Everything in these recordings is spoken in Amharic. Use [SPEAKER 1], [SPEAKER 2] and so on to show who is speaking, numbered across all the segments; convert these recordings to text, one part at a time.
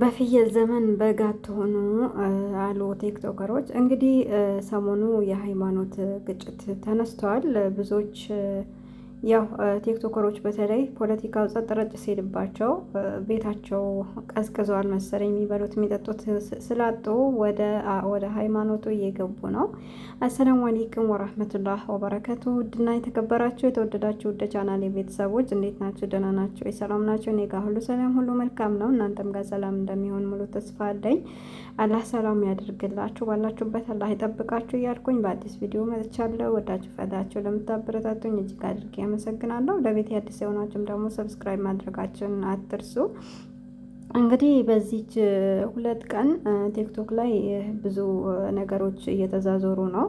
[SPEAKER 1] በፍየል ዘመን በግ አትሆኑ አሉ ቲክቶከሮች። እንግዲህ ሰሞኑ የሃይማኖት ግጭት ተነስተዋል ብዙዎች ያው ቲክቶከሮች በተለይ ፖለቲካው ጸጥ ረጭ ሲልባቸው ቤታቸው ቀዝቅዘዋል መሰለኝ የሚበሉት የሚጠጡት ስላጡ ወደ ሃይማኖቱ እየገቡ ነው። አሰላሙ አሌይኩም ወራህመቱላህ ወበረከቱ። ውድና የተከበራችሁ የተወደዳችሁ ውድ ቻናል ቤተሰቦች እንዴት ናቸው? ደህና ናቸው? የሰላም ናቸው? እኔ ጋር ሁሉ ሰላም፣ ሁሉ መልካም ነው። እናንተም ጋር ሰላም እንደሚሆን ሙሉ ተስፋ አለኝ። አላህ ሰላም ያደርግላችሁ፣ ባላችሁበት አላህ ይጠብቃችሁ እያልኩኝ በአዲስ ቪዲዮ መጥቻለሁ። ወዳችሁ ፈዳችሁ ለምታበረታቱኝ እጅግ አድርጌ አመሰግናለሁ። ለቤት አዲስ የሆናችሁም ደግሞ ሰብስክራይብ ማድረጋችን አትርሱ። እንግዲህ በዚች ሁለት ቀን ቲክቶክ ላይ ብዙ ነገሮች እየተዛዞሩ ነው።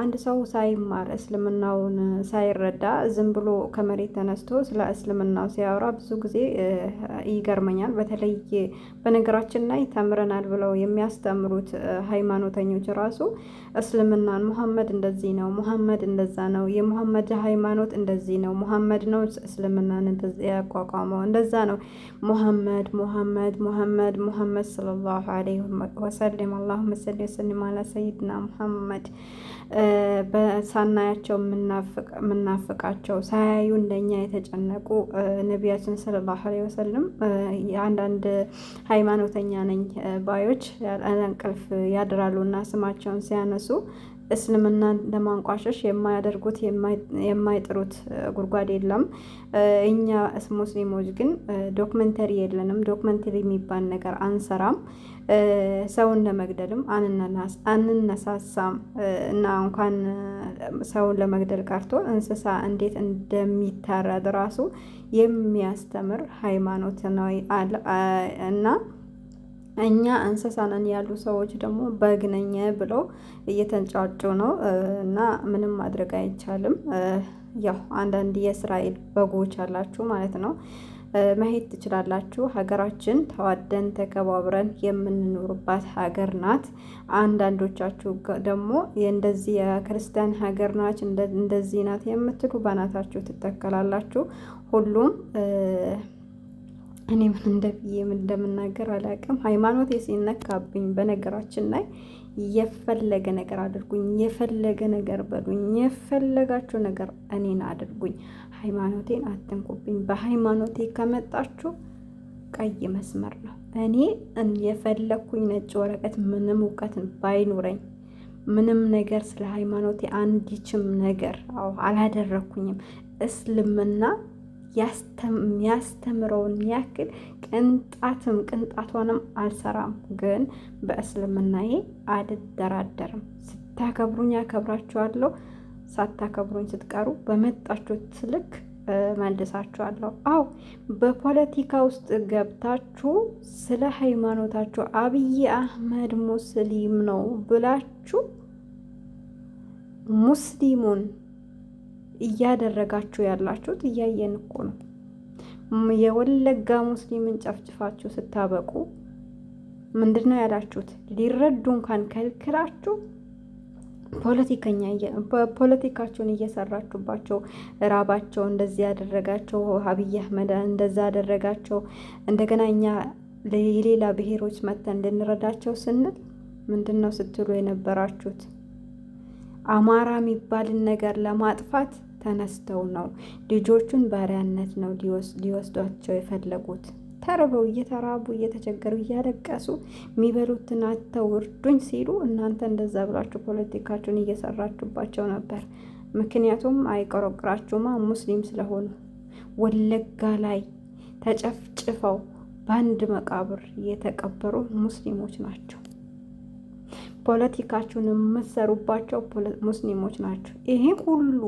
[SPEAKER 1] አንድ ሰው ሳይማር እስልምናውን ሳይረዳ ዝም ብሎ ከመሬት ተነስቶ ስለ እስልምናው ሲያወራ ብዙ ጊዜ ይገርመኛል። በተለይ በነገራችን ላይ ተምረናል ብለው የሚያስተምሩት ሃይማኖተኞች ራሱ እስልምናን ሙሐመድ እንደዚህ ነው፣ ሙሐመድ እንደዛ ነው፣ የሙሐመድ ሃይማኖት እንደዚህ ነው፣ ሙሐመድ ነው እስልምናን ያቋቋመው እንደዛ ነው፣ ሙሐመድ ሙሐመድ ሙሐመድ ሙሐመድ ሰለላሁ ዐለይሂ ወሰለም አላሁመ ሰሊ ወሰሊም አላ ሰይድና ሙሐመድ ሳናያቸው የምናፍቃቸው ሳያዩ እንደኛ የተጨነቁ ነቢያችን ሰለላሁ ዐለይሂ ወሰለም አንዳንድ ሃይማኖተኛ ነኝ ባዮች ያለ እንቅልፍ ያድራሉ እና ስማቸውን ሲያነሱ እስልምናን ለማንቋሸሽ የማያደርጉት የማይጥሩት ጉድጓድ የለም። እኛ ሙስሊሞች ግን ዶክመንተሪ የለንም። ዶክመንተሪ የሚባል ነገር አንሰራም። ሰውን ለመግደልም አንነሳሳም እና እንኳን ሰውን ለመግደል ቀርቶ እንስሳ እንዴት እንደሚታረድ ራሱ የሚያስተምር ሃይማኖት ነው እና እኛ እንስሳ ነን ያሉ ሰዎች ደግሞ በግ ነኝ ብለው እየተንጫጩ ነው እና ምንም ማድረግ አይቻልም። ያው አንዳንድ የእስራኤል በጎች አላችሁ ማለት ነው መሄድ ትችላላችሁ። ሀገራችን ተዋደን ተከባብረን የምንኖርባት ሀገር ናት። አንዳንዶቻችሁ ደግሞ እንደዚህ የክርስቲያን ሀገር ናች እንደዚህ ናት የምትሉ በናታችሁ ትተከላላችሁ ሁሉም እኔ ምን እንደብዬ ምን እንደምናገር አላውቅም። ሃይማኖት ሲነካብኝ በነገራችን ላይ የፈለገ ነገር አድርጉኝ፣ የፈለገ ነገር በሉኝ፣ የፈለጋችሁ ነገር እኔን አድርጉኝ፣ ሃይማኖቴን አትንኩብኝ። በሃይማኖቴ ከመጣችሁ ቀይ መስመር ነው። እኔ የፈለግኩኝ ነጭ ወረቀት ምንም እውቀት ባይኖረኝ ምንም ነገር ስለ ሃይማኖቴ አንዲችም ነገር አላደረግኩኝም እስልምና የሚያስተምረውን ያክል ቅንጣትም ቅንጣቷንም አልሰራም፣ ግን በእስልምናዬ አልደራደርም። ስታከብሩኝ ያከብራችኋለሁ፣ ሳታከብሩኝ ስትቀሩ በመጣችሁት ልክ መልሳችኋለሁ። አዎ በፖለቲካ ውስጥ ገብታችሁ ስለ ሃይማኖታችሁ አብይ አህመድ ሙስሊም ነው ብላችሁ ሙስሊሙን እያደረጋችሁ ያላችሁት እያየን እኮ ነው። የወለጋ ሙስሊምን ጨፍጭፋችሁ ስታበቁ ምንድን ነው ያላችሁት? ሊረዱ እንኳን ከልክላችሁ ፖለቲከኛ ፖለቲካቸውን እየሰራችሁባቸው ራባቸው እንደዚህ ያደረጋቸው አብይ አህመድ እንደዛ ያደረጋቸው እንደገና እኛ የሌላ ብሔሮች መጥተን እንድንረዳቸው ስንል ምንድን ነው ስትሉ የነበራችሁት? አማራ የሚባልን ነገር ለማጥፋት ተነስተው ነው ልጆቹን ባሪያነት ነው ሊወስዷቸው የፈለጉት። ተርበው እየተራቡ እየተቸገሩ እያለቀሱ የሚበሉትን አጥተው እርዱኝ ሲሉ እናንተ እንደዛ ብላችሁ ፖለቲካችሁን እየሰራችሁባቸው ነበር። ምክንያቱም አይቆረቁራችሁማ ሙስሊም ስለሆኑ ወለጋ ላይ ተጨፍጭፈው በአንድ መቃብር የተቀበሩ ሙስሊሞች ናቸው። ፖለቲካችሁን የምትሰሩባቸው ሙስሊሞች ናቸው። ይሄ ሁሉ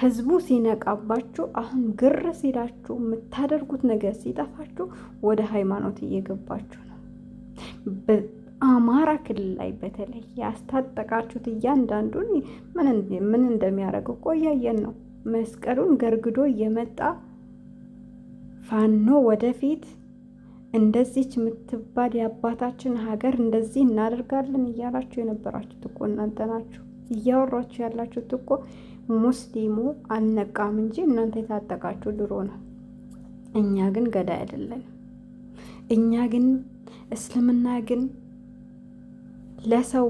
[SPEAKER 1] ህዝቡ ሲነቃባችሁ አሁን ግር ሲላችሁ የምታደርጉት ነገር ሲጠፋችሁ ወደ ሃይማኖት እየገባችሁ ነው። በአማራ ክልል ላይ በተለይ ያስታጠቃችሁት እያንዳንዱን ምን እንደሚያደርገው ቆያየን ነው። መስቀሉን ገርግዶ እየመጣ ፋኖ ወደፊት እንደዚች የምትባል የአባታችን ሀገር እንደዚህ እናደርጋለን እያላችሁ የነበራችሁት እኮ እናንተ ናችሁ። እያወራችሁ ያላችሁት እኮ ሙስሊሙ አልነቃም እንጂ እናንተ የታጠቃችሁ ድሮ ነው። እኛ ግን ገዳይ አይደለን። እኛ ግን እስልምና ግን ለሰው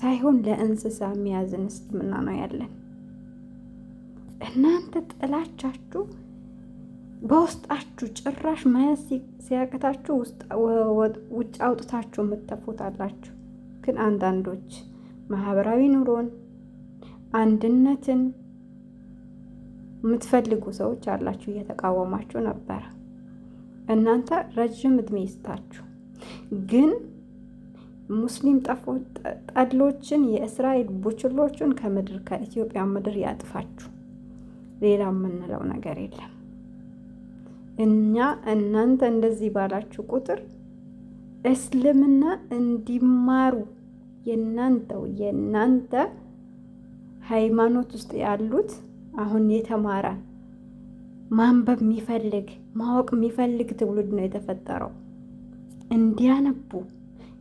[SPEAKER 1] ሳይሆን ለእንስሳ የሚያዝን እስልምና ነው ያለን። እናንተ ጥላቻችሁ በውስጣችሁ ጭራሽ መያዝ ሲያቅታችሁ ውጭ አውጥታችሁ የምትተፉት አላችሁ። ግን አንዳንዶች ማህበራዊ ኑሮን አንድነትን የምትፈልጉ ሰዎች አላችሁ፣ እየተቃወማችሁ ነበረ። እናንተ ረዥም እድሜ ይስጣችሁ። ግን ሙስሊም ጠሎችን የእስራኤል ቡችሎችን ከምድር ከኢትዮጵያ ምድር ያጥፋችሁ። ሌላ የምንለው ነገር የለም። እኛ እናንተ እንደዚህ ባላችሁ ቁጥር እስልምና እንዲማሩ የናንተው የናንተ ሃይማኖት ውስጥ ያሉት አሁን የተማረ ማንበብ የሚፈልግ ማወቅ የሚፈልግ ትውልድ ነው የተፈጠረው። እንዲያነቡ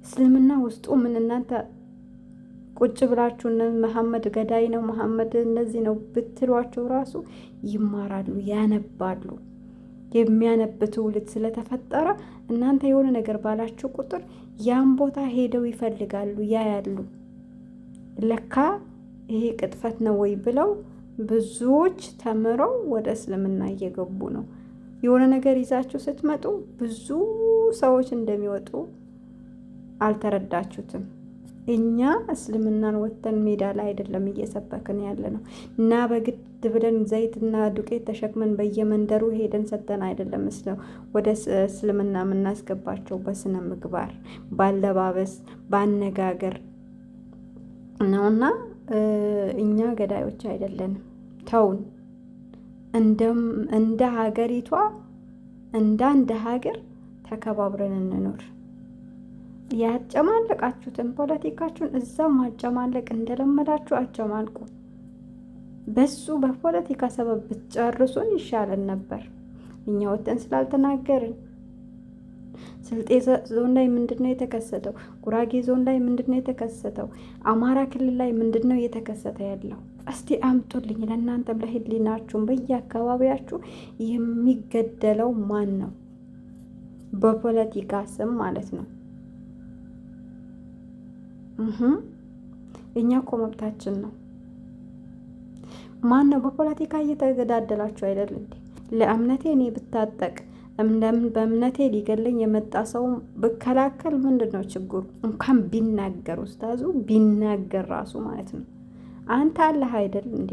[SPEAKER 1] እስልምና ውስጡ ምን እናንተ ቁጭ ብላችሁ መሐመድ ገዳይ ነው መሐመድ እንደዚህ ነው ብትሏቸው ራሱ ይማራሉ፣ ያነባሉ። የሚያነብ ትውልድ ስለተፈጠረ እናንተ የሆነ ነገር ባላችሁ ቁጥር ያን ቦታ ሄደው ይፈልጋሉ፣ ያያሉ ለካ ይሄ ቅጥፈት ነው ወይ ብለው ብዙዎች ተምረው ወደ እስልምና እየገቡ ነው። የሆነ ነገር ይዛችሁ ስትመጡ ብዙ ሰዎች እንደሚወጡ አልተረዳችሁትም። እኛ እስልምናን ወጥተን ሜዳ ላይ አይደለም እየሰበክን ያለ ነው እና በግድ ብለን ዘይትና ዱቄት ተሸክመን በየመንደሩ ሄደን ሰጥተን አይደለም ወደ እስልምና የምናስገባቸው። በስነ ምግባር፣ ባለባበስ፣ ባነጋገር ነውና እኛ ገዳዮች አይደለንም። ተውን። እንደ ሀገሪቷ እንዳንድ ሀገር ተከባብረን እንኖር። ያጨማለቃችሁትን ፖለቲካችሁን እዛው ማጨማለቅ እንደለመዳችሁ አጨማልቁ። በሱ በፖለቲካ ሰበብ ብትጨርሱን ይሻለን ነበር። እኛ ወጥተን ስላልተናገርን ስልጤ ዞን ላይ ምንድን ነው የተከሰተው? ጉራጌ ዞን ላይ ምንድን ነው የተከሰተው? አማራ ክልል ላይ ምንድን ነው እየተከሰተ ያለው? እስቲ አምጡልኝ። ለእናንተም ለህሊናችሁም በየአካባቢያችሁ የሚገደለው ማን ነው? በፖለቲካ ስም ማለት ነው። እኛ እኮ መብታችን ነው። ማን ነው በፖለቲካ እየተገዳደላችሁ አይደል እንዴ? ለእምነቴ እኔ ብታጠቅ በእምነቴ ሊገለኝ የመጣ ሰው ብከላከል ምንድን ነው ችግሩ? እንኳን ቢናገር ውስታዙ ቢናገር ራሱ ማለት ነው። አንተ አለህ አይደል እንዴ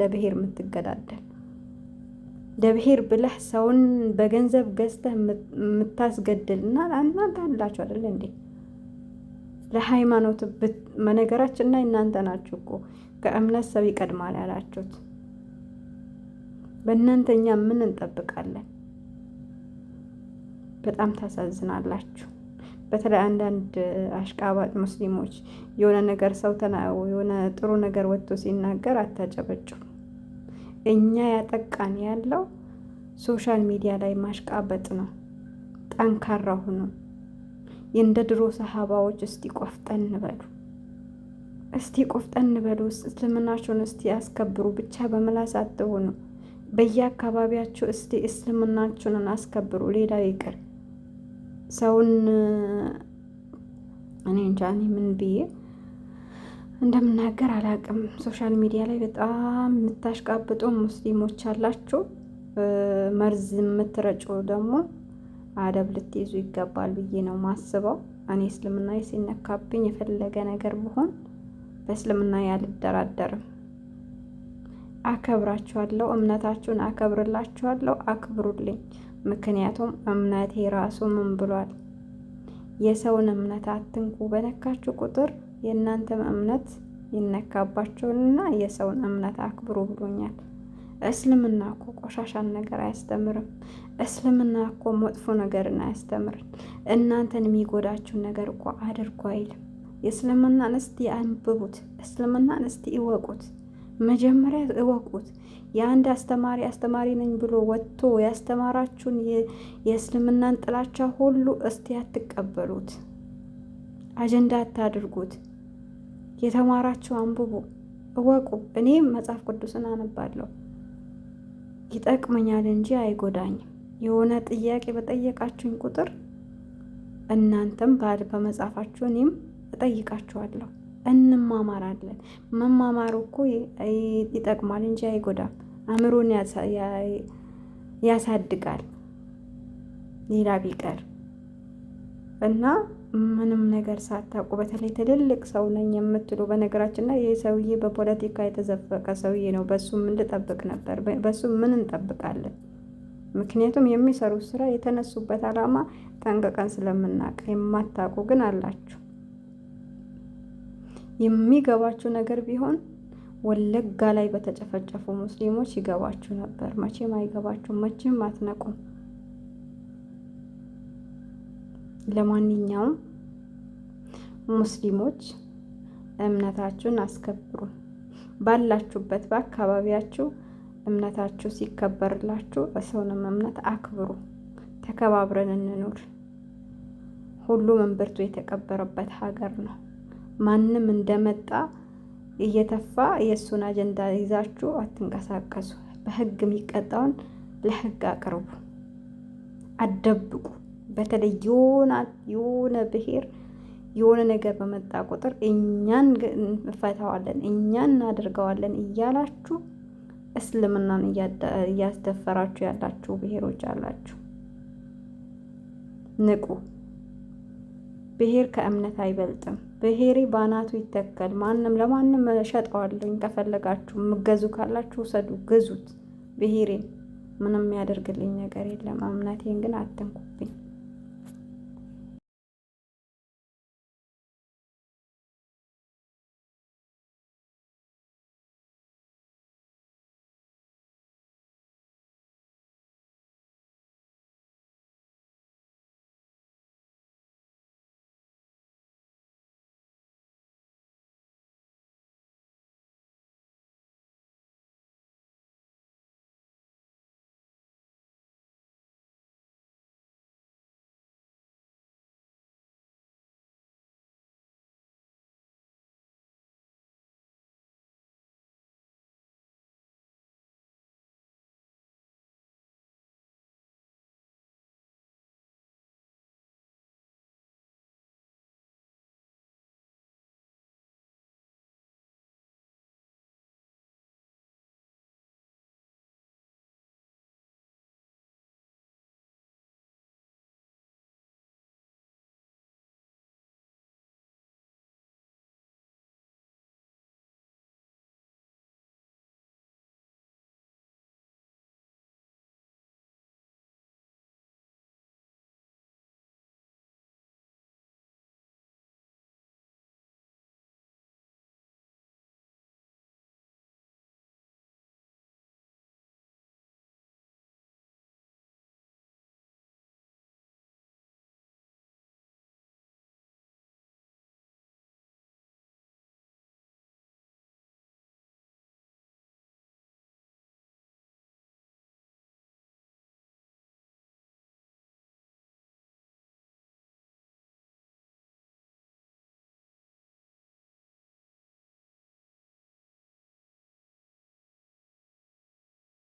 [SPEAKER 1] ለብሄር የምትገዳደል ለብሄር ብለህ ሰውን በገንዘብ ገዝተህ የምታስገድል እና እናንተ አላችሁ አይደል እንዴ ለሃይማኖት መነገራችን እና እናንተ ናችሁ እኮ ከእምነት ሰው ይቀድማል ያላችሁት። በእናንተኛ ምን እንጠብቃለን? በጣም ታሳዝናላችሁ። በተለይ አንዳንድ አሽቃባጭ ሙስሊሞች የሆነ ነገር ሰው የሆነ ጥሩ ነገር ወጥቶ ሲናገር አታጨበጭቡ። እኛ ያጠቃን ያለው ሶሻል ሚዲያ ላይ ማሽቃበጥ ነው። ጠንካራ ሁኑ። የእንደ ድሮ ሰሃባዎች እስቲ ቆፍጠን እንበሉ፣ እስቲ ቆፍጠን በሉ። እስልምናችሁን እስቲ አስከብሩ። ብቻ በምላስ አትሆኑ። በየአካባቢያችሁ እስቲ እስልምናችሁንን አስከብሩ። ሌላው ይቅር። ሰውን እኔ እንጃ እኔ ምን ብዬ እንደምናገር አላውቅም። ሶሻል ሚዲያ ላይ በጣም የምታሽቃብጡ ሙስሊሞች አላችሁ። መርዝ የምትረጩ ደግሞ አደብ ልትይዙ ይገባል ብዬ ነው ማስበው። እኔ እስልምና ሲነካብኝ የፈለገ ነገር ብሆን በእስልምና አልደራደርም። አከብራችኋለሁ፣ እምነታችሁን አከብርላችኋለሁ። አክብሩልኝ። ምክንያቱም እምነቴ ራሱ ምን ብሏል? የሰውን እምነት አትንኩ፣ በነካችሁ ቁጥር የእናንተም እምነት ይነካባቸውንና የሰውን እምነት አክብሩ ብሎኛል። እስልምና እኮ ቆሻሻን ነገር አያስተምርም። እስልምና እኮ መጥፎ ነገርን አያስተምርን። እናንተን የሚጎዳችሁን ነገር እኮ አድርጎ አይልም። የእስልምናን እስቲ አንብቡት፣ እስልምናን እስቲ እወቁት፣ መጀመሪያ እወቁት። የአንድ አስተማሪ አስተማሪ ነኝ ብሎ ወጥቶ ያስተማራችሁን የእስልምናን ጥላቻ ሁሉ እስቲ አትቀበሉት፣ አጀንዳ አታድርጉት። የተማራችሁ አንብቡ፣ እወቁ። እኔ መጽሐፍ ቅዱስን አነባለሁ ይጠቅመኛል እንጂ አይጎዳኝም። የሆነ ጥያቄ በጠየቃችሁኝ ቁጥር እናንተም በመጽሐፋችሁ እኔም እጠይቃችኋለሁ። እንማማራለን። መማማሩ እኮ ይጠቅማል እንጂ አይጎዳም። አእምሮን ያሳድጋል ሌላ ቢቀር እና ምንም ነገር ሳታውቁ በተለይ ትልልቅ ሰው ነኝ የምትሉ በነገራችን ላይ ይህ ሰውዬ በፖለቲካ የተዘፈቀ ሰውዬ ነው። በሱ ምን ልጠብቅ ነበር? በሱ ምን እንጠብቃለን? ምክንያቱም የሚሰሩት ስራ የተነሱበት አላማ ጠንቅቀን ስለምናውቅ። የማታውቁ ግን አላችሁ። የሚገባችሁ ነገር ቢሆን ወለጋ ላይ በተጨፈጨፉ ሙስሊሞች ይገባችሁ ነበር። መቼም አይገባችሁም፣ መቼም አትነቁም። ለማንኛውም ሙስሊሞች እምነታችሁን አስከብሩ። ባላችሁበት በአካባቢያችሁ እምነታችሁ ሲከበርላችሁ በሰውንም እምነት አክብሩ። ተከባብረን እንኑር። ሁሉም እምብርቱ የተቀበረበት ሀገር ነው። ማንም እንደመጣ እየተፋ የእሱን አጀንዳ ይዛችሁ አትንቀሳቀሱ። በህግ የሚቀጣውን ለህግ አቅርቡ፣ አደብቁ። በተለይ የሆነ ብሄር የሆነ ነገር በመጣ ቁጥር እኛን እንፈታዋለን፣ እኛን እናደርገዋለን እያላችሁ እስልምናን እያስደፈራችሁ ያላችሁ ብሄሮች አላችሁ። ንቁ። ብሄር ከእምነት አይበልጥም። ብሄሬ ባናቱ ይተከል። ማንም ለማንም እሸጠዋለሁኝ። ከፈለጋችሁ ምገዙ ካላችሁ ውሰዱ፣ ግዙት። ብሔሬን ምንም የሚያደርግልኝ ነገር የለም። እምነቴን ግን አትንኩብኝ።